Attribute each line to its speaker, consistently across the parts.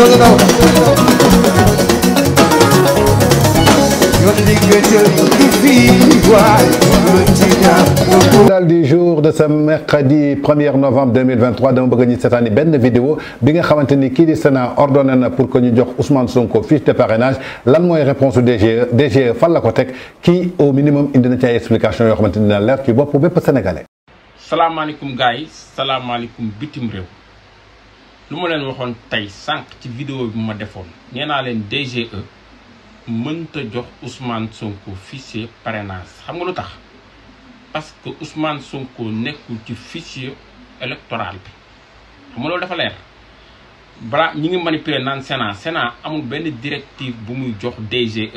Speaker 1: no, no, no. journal du jour de ce mercredi 1er novembre 2023 dama bëgg ñu seetaan ni benn vidéo bi nga xamante ni di Sénat ordonné pour que ñu jox Ousmane Sonko fiche de parrainage lan mooy réponse su DGE DGE fan la ko teg kii au minimum indi na ci explication yoo xamante ni dina leer ci bopp bépp sénégalais.
Speaker 2: salaamaaleykum gars yi bitim réew lu len waxone tay sank ci vidéo bi ma defone nee len DGE mënta jox Ousmane Sonko fichier parrainage xam nga lutax parce que Ousmane Sonko nekul ci fichier électoral bi xam nga loolu dafa leer bra ñi ngi manipuler nan Sénat Sénat amul ben directive bu muy jox DGE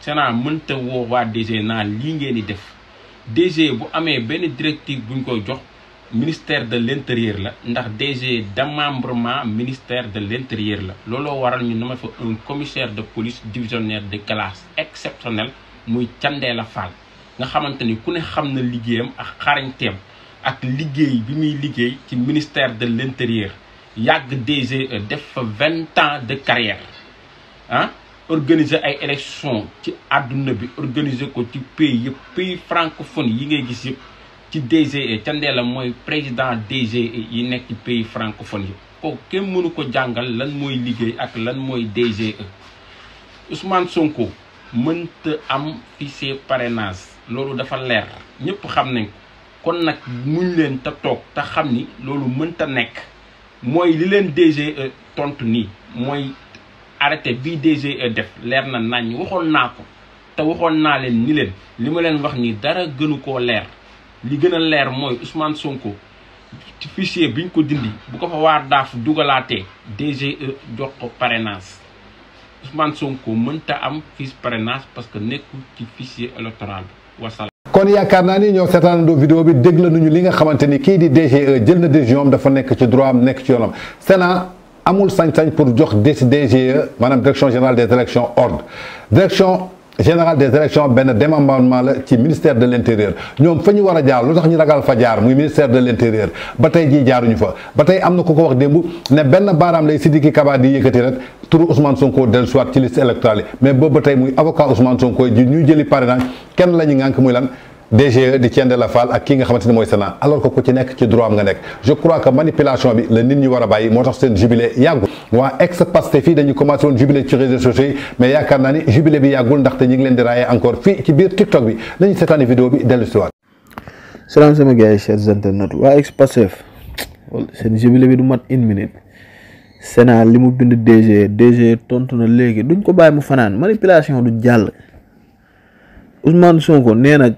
Speaker 2: Sénat mënta wo wa DGE naan li ngeen di def DGE bu amé ben directive buñ koy jox ministère de l'intérieur la ndax DG démembrement ministère de l'intérieur la lolo waral fa un commissaire de police divisionnaire de classe exceptionnel, muy la avons nga xamanteni ku ne xamna à ak xarañteem ak liggéey bi muy liggéey ci ministère de l'intérieur Il DG e def 20 20 ans de carrière hein organiser ay élections ci aduna bi organiser ko ci pays pays francophone yi ngay gis ci DGE Thiendella mooy président DGE yi nekk ci pays francophone yi kooku kenn mënu ko jàngal lan mooy liggéey ak lan mooy DGE Ousmane Sonko mënta am fichier parrainage loolu dafa leer ñëpp xam nañ ko kon nag muñ leen te toog te xam ni loolu mënta nekk mooy li leen DGE tontu nii mooy arrêté bii DGE def leer na nañ waxoon naa ko te waxoon naa leen ni leen li ma leen wax ni dara gënu koo leer li gëna a leer mooy Ousmane Sonko ci fichier biñ ko dindi bu ko fa waar daaf dugalaatee DGE jox ko parrainage Ousmane Sonko mënta am fils parrainage parce que nekku ci fichier électoral bi wasalaam.
Speaker 1: kon yaakaar naa ni ñoo do vidéo bi dégg la nañu li nga xamanteni ki di DGE jël na décision dafa nek ci droit am nek ci yoonam Sénat amul sañ-sañ pour jox DGE manam direction générale des élections ordre direction. général des élections benn démembrement la ci ministère de l' intérieur ñoom fa ñu war a jaar lu tax ñu ragal fa jaar muy ministère de l' intérieur ba tey jii jaaruñu fa ba tey am na ku ko wax démb ne benn baaraam lay Sidiki Kaba di yëkkati rek turu Ousmane Sonko dellu siwaat ci liste électorale yi mais boobu ba tey muy avocat Ousmane Sonko ji ñuy jëli parrainage kenn la ñu ngànk muy lan DGE de Thiendella la ak ki nga xamanteni moy mooy alors que ko ci nek ci droit nga nek je crois que manipulation bi le nit ñi war a bàyyi jubilé yàggul wa ex Pastef fii dañu commencé woon jubilé ci réseaux sociaux mais yaakaar ni jubilé bi ndax te ñi ngi leen di rayé encore fi ci biir TikTok bi dañu sétane vidéo bi delu ci waat.
Speaker 3: salam sama gay yi chers internautes waa ex Pastef seen jubilé bi du mat une minute Sena limu bind DGE DGE tontu na léegi duñ ko bàyyi mu fanaan manipulation du jall Ousmane Sonko néna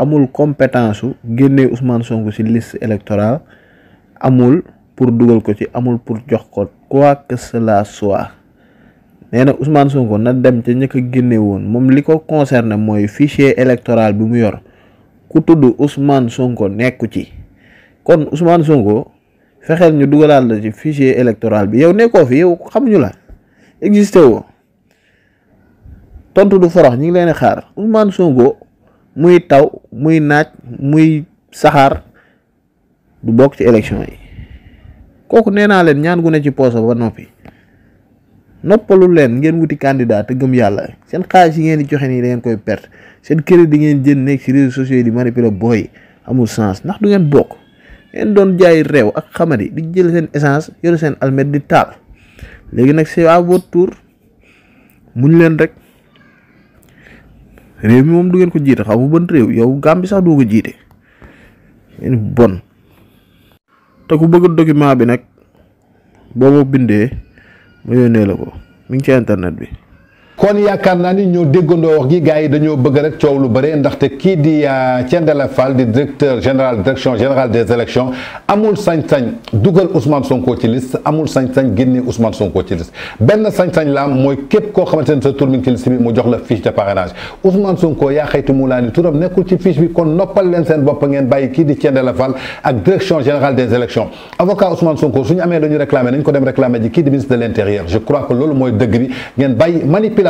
Speaker 3: amul compétence génné Ousmane Sonko ci liste électorale amul pour dugal ko ci amul pour jox ko quoi que cela soit néna Ousmane Sonko na dem ci ñëk génné won mom liko concerné moy fichier électoral bi mu yor ku tuddu Ousmane Sonko nekku ci kon Ousmane Sonko fexel ñu dougalal la ci fichier électoral bi yow nekko fi yow xamuñu la existé wo tontu du forox ñi ngi leen xaar Ousmane Sonko muy taw muy naaj muy saxaar du bokk ci élection yi kooku nee naa leen ñaan gu ne ci pooso ba noppi noppalu leen ngeen wuti candidat te gëm yàlla seen xaalis yi ngeen di joxe nii da koy perte seen crédit di ngeen jën nekk ci réseaux sociaux yi di manipuler booy amul sens ndax du ngeen bokk ngeen doon jaay réew ak xamari di jël seen essence yore seen almet di taal léegi nag c'est à tour muñ leen rek. réew mi moom du ko jiite xaw ma ban réew yow Gàmbi sax ko jiite bon te ku bëgg document bi nag boo ma bindee ma yónnee la ko mi ngi ci internet bi.
Speaker 1: kon yaakaar naa ni ñoo déggandoo wax gi gars yi dañoo bëgg rek coow lu bëre ndaxte kii di euh, Thiendella Fall di directeur général direction générale des élections amul sañ-sañ dugal Ousmane Sonko ci liste amul sañ-sañ génne Ousmane Sonko ci liste benn sañ-sañ la am mooy képp koo xamante ne sa tur mi ngi ci liste bi mu jox la fiche de parrainage Ousmane Sonko yaa xayti mu laa ni turam nekkul ci fiche bi kon noppal leen seen bopp ngeen bàyyi kii di Thiendella Fall ak direction générale des élections avocat Ousmane Sonko suñu amee dañu réclamer nañ ko dem réclamer ji kii di ministre de l'intérieur je crois que loolu mooy dëgg bi ngeen bàyyi manipulation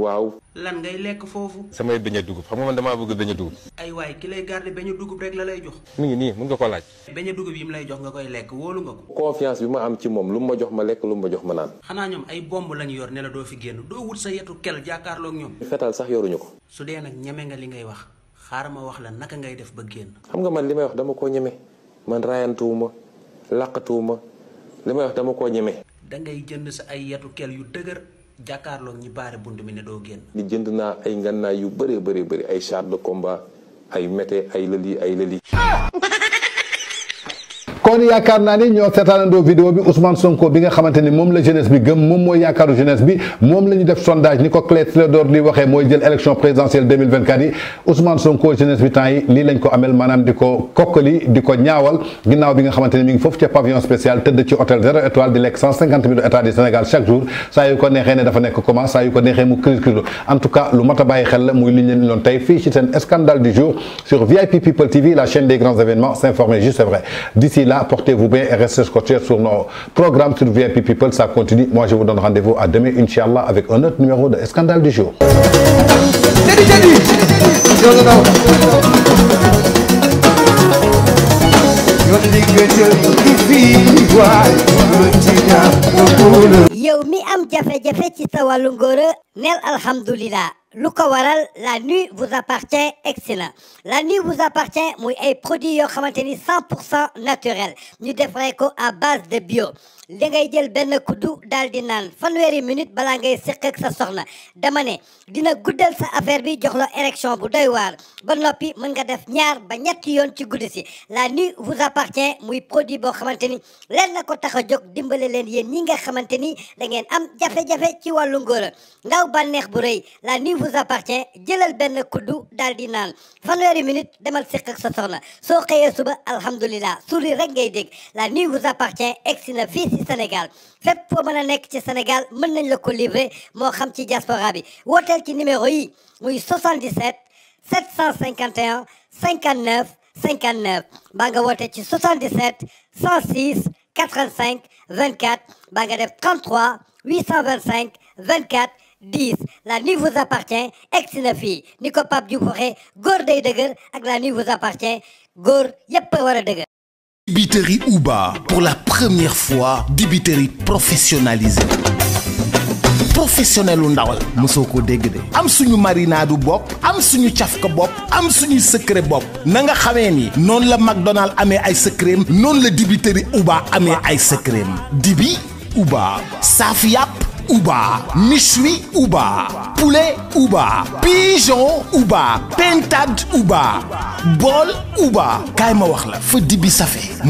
Speaker 1: waaw
Speaker 3: lan ngay lekk foofu
Speaker 2: samay beña dugub xam nga man damaa bëgg beña dugub
Speaker 3: ay waay ki lay garder beña dugub rek la lay jox
Speaker 2: mi ngi nii mun nga ko laaj
Speaker 3: beña dugub yi mu lay jox nga koy lekk wóolu nga ko
Speaker 2: confiance bi ma am ci moom lu ma jox ma lekk lu ma jox ma naan
Speaker 3: xanaa ñoom ay bomb lañu yor ne la doo fi génn doo wut sa yetu kel jàkkaarloog ñoom
Speaker 2: fetal sax yoruñu ko
Speaker 3: su dee nag ñeme nga li ngay wax xaar ma wax la naka ngay def ba génn
Speaker 2: xam nga man li may wax dama koo ñeme man rayantuwuma laqatuwuma li may wax dama koo ñeme
Speaker 3: da ngay jënd sa ay yetu kel yu dëgër jàkkaarloog ñi baare bunt mi ne doo génn.
Speaker 2: ni jënd naa ay ngannaay yu bëree bëri bëri ay char de combat ay mété ay lëli ay lëli. Ah!
Speaker 1: kon yaakaar naa ni ñoo do vidéo bi Ousmane Sonko bi nga xamanteni mom la jeunesse bi gëm mom moy yakaru jeunesse bi mom lañu def sondage ni ko Clé Clédor di waxee jël élection présidentielle 2024 yi Ousmane Sonko jeunesse bi temps yi lañ ko amel Manam, diko ko kokkali di ñaawal ginnaaw bi nga xamanteni mi ngi foofu ca pavillon spécial teud ci hôtel 0 étoile di 150 millions état du Sénégal chaque jour saa yu ko nexé né dafa nek comment saa yu ko nexé mu crise crise en tout cas lu mata baye xel la muy li ñu leen loon tey ci sen scandale du jour sur VIP People TV la chaîne des grands événements s'informer juste c'est vrai d'ici là apportez vous bien et restez scotchés sur nos programmes sur VIP People. Ça continue. Moi, je vous donne rendez-vous à demain, Inch'Allah, avec un autre numéro de Scandale du jour.
Speaker 4: mi am ci Lukawaral la nuit vous appartient excellent la nuit vous appartient muy est produit yoo xamante 100% naturel ñu defaree ko à base de bio li ngay jël benn kuddu daal minute balaa ngay séq ak sa soxna dama ne dina guddal sa affaire bi jox la érection bu doy waar ba noppi mën nga def ñaar ba ñetti yoon ci guddi la nuit vous appartient muy produit bo, xamante ni leen na ko tax a jóg dimbale ñi nga da am jafé, jafé, ci wàllu ngóora ndaw bànneex bu rëy la nuit vous appartient jëlal Ben Koudou daal di minute demal cirque ak sa soxna soo xëyee suba souri la nuit vous appartient Ex na Sénégal Fep pour mën a ci Sénégal mën nañ la livrer xam ci diaspora bi numéro yi 77 751 59 59 Banga nga 77 106 85 24 Banga 33 825 24 10 la nuit vous appartient ex si na fii ni ko Pape la nuit vous appartient góor yep, de a
Speaker 2: dibiteri Uba pour la première fois dibiteri professionnalisé professionnel on ndawal Musoko Degde, de am suñu marinade Bop, am suñu cafka bop, am suñu secret bop. Nanga nga non le McDonald's la McDonald cream, ay secret non la dibiteri Uba amé Ice Cream dibi Uba Safiap Ouba, michui Ouba, poulet Ouba, pigeon Ouba, pintade Ouba, bol Ouba. kaay ma wax la 77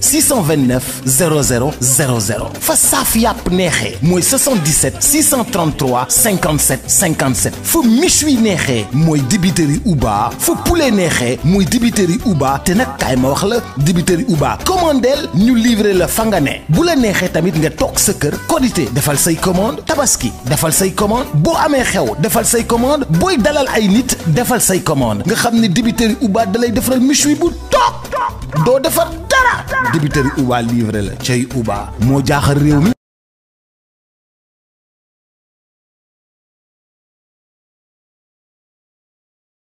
Speaker 2: 629 0000 fa safiap 77 633 57 57 Fou Michui neexee Moui dibiteri Ouba Fou poulet Nehe, Moui dibiteri Uba. Tenet nag kaay dibiteri Ouba Commandel, nous livrer le fangane. Boule ne tamit nga Tok qualité defal say commande tabaski defal say commande boo amee xew defal say commande booy dalal ay nit defal say commande nga xam ne dibiteri Uba dalay defaral méchoui bu toog doo defar dara dibiteri Uba livré la cey Uba moo jaaxal
Speaker 1: réew mi